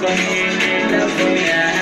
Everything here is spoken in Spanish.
Con la for